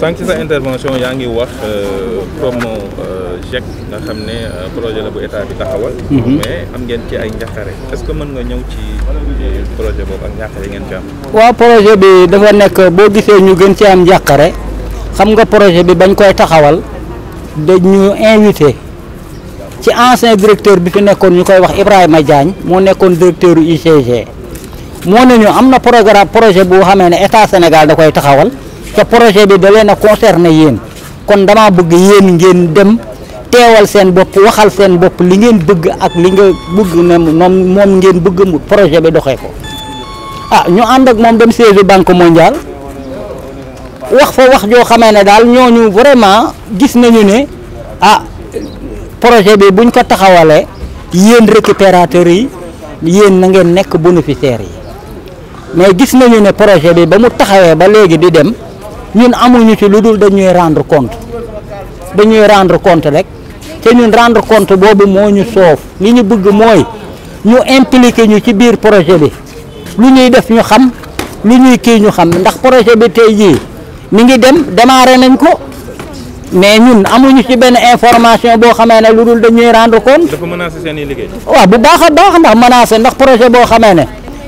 sànq ci sa intervention yaa ngi wax comme euh, euh, GIEC nga xam ne euh, projet la bu état bi taxawal. Mhm. mais am ngeen ci ay njaqare est-ce que mën nga ñëw ci projet boobu ak njaqare ngeen ci am. waaw projet bi dafa nekk boo gisee ñu gën ci am njaqare xam nga projet bi bañ koy taxawal dañu invité ci ancien directeur bi fi nekkoon ñu koy wax Ibrahima Diagne moo nekkoon directeur UCG moo ne ñu am na programme projet bu xamee ne état Sénégal da koy taxawal. te projet bi da leen a concerné yéen kon damaa bëgg yéen ngeen dem teewal seen bopp waxal seen bopp li ngeen bëgg ak li nga bëgg ne moom moom ngeen bëgg mu projet bi doxee ko ah ñu ànd ak moom dem siège banque mondiale wax fa wax joo xamee ne daal ñoo ñu vraiment gis nañu ne ah projet bi buñ ko taxawalee yéen récupérateurs yi yéen na ngeen nekk bénéficiaires yi mais gis nañu ne projet bi ba mu taxawee ba léegi di dem ñun amuñu ci lu dul dañuy rendre compte dañuy rendre compte rek te ñun rendre compte boobu moo ñu soof li ñu bëgg mooy ñu impliqué ñu ci biir projet bi lu ñuy def ñu xam lu ñuy kii ñu xam ndax projet bi tey jii mi ngi dem démarré nañ ko mais ñun amuñu ci benn information boo xamee ne lu dul dañuy rendre compte. dafa bu baax a baax ndax menacé ndax projet boo xamee ne.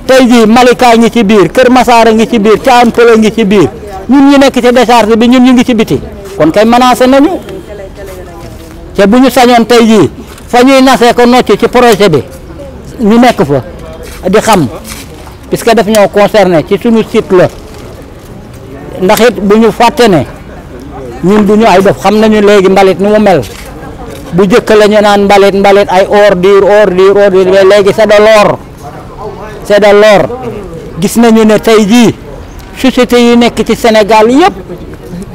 tey jii Malika ngi ci biir Kër Massara ngi ci biir Thiam Pële ngi ci biir ñun ñu nekk ci décharge bi ñun ñu ngi ci biti kon kay menacé nañu te bu ñu sañoon tey jii fa ñuy nasee ko nocc ci projet bi ñu nekk fa di xam que daf ñoo concerné ci suñu site la ndax it bu ñu fàtte ne ñun du ñu ay dof xam nañu léegi mbalit ni mu mel bu jëkk la naan mbalit mbalit ay ordure ordure ordure léegi c'est de c'est de l'or gis nañu ne tey jii société yu nekk ci Sénégal yëpp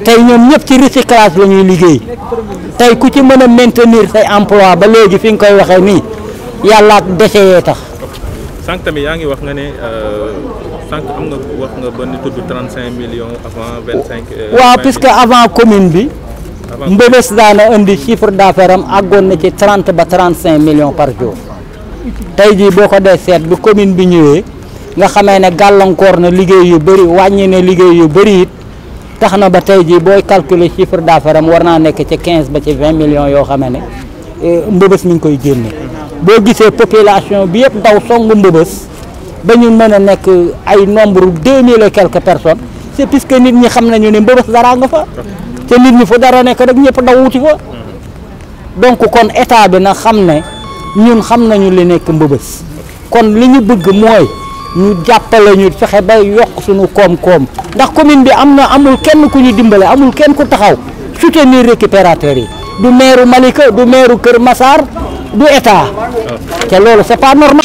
tey ñoom ñëpp ci recyclage la liggéey tey ku ci mën a maintenir say emploi ba léegi fi nga koy waxee nii yàlla ak déchets yee tax. sànq tamit yaa ngi wax nga ne euh, sànq am nga wax euh, avant commune bi. mbëbës daana indi chiffre d'affaires am àggoon na ci 30 ba 35 millions par jour. tey jii boo ko dee seet bi commune bi ñëwee nga xamee ne gàllankoor na liggéey yu bëri wàññi ne liggéey yu bëri it tax na ba tey jii booy calculer chiffre d'affaires am war naa nekk ci 15 ba ci 20 yoo xam ne eh, mbëbës mi ngi koy génne boo gisee population bi yëpp daw songu mbëbës ba ñu mën a nekk ay nombre deux mille et quelques personnes c'est que nit ñi xam nañu ne mbëbës dara nga fa te nit ñi fu dara nekk rek ñëpp daw wuti fa donc kon état bi na xam ne ñun xam nañu li nekk mbëbës kon li ñu bëgg mooy ñu jàppale ñu fexe ba yokk suñu koom-koom ndax commune bi am na amul kenn ku ñu dimbale amul kenn ku taxaw soutenir récupérateur yi du maire Malika du maire Kër Massar du état ah. te loolu c'est pas normal